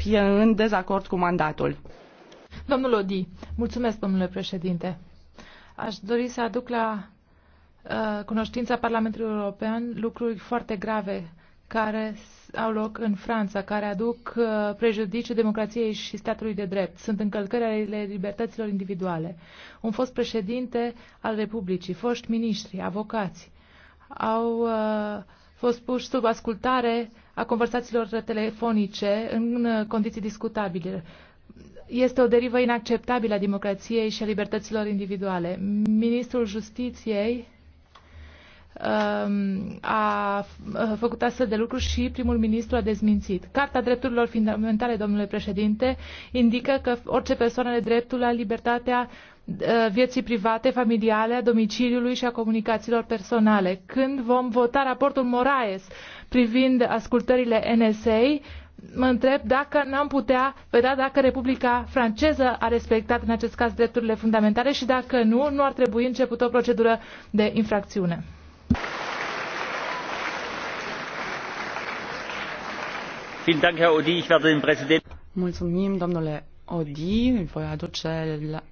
fie în dezacord cu mandatul. Domnul Odi, mulțumesc, domnule președinte. Aș dori să aduc la uh, cunoștința Parlamentului European lucruri foarte grave care au loc în Franța, care aduc uh, prejudiciu democrației și statului de drept. Sunt încălcări ale libertăților individuale. Un fost președinte al Republicii, foști miniștri, avocați, au uh, fost puși sub ascultare a conversațiilor telefonice în condiții discutabile. Este o derivă inacceptabilă a democrației și a libertăților individuale. Ministrul Justiției Um, a făcut astfel de lucruri și primul ministru a dezmințit. Carta drepturilor fundamentale, domnule președinte, indică că orice persoană are dreptul la libertatea uh, vieții private, familiale, a domiciliului și a comunicațiilor personale. Când vom vota raportul Moraes privind ascultările NSA, mă întreb dacă n-am putea vedea dacă Republica franceză a respectat în acest caz drepturile fundamentale și dacă nu, nu ar trebui început o procedură de infracțiune. Mulțumim, domnule Odi. Voi aduce la,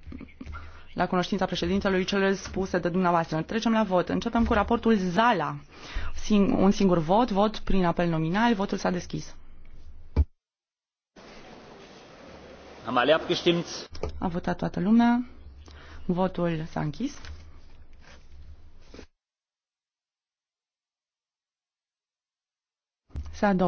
la cunoștința președintelui cele spuse de dumneavoastră. Trecem la vot. Începem cu raportul Zala. Sing, un singur vot, vot prin apel nominal. Votul s-a deschis. Am alle abgestimmt. A votat toată lumea. Votul s-a închis. Se adoptă.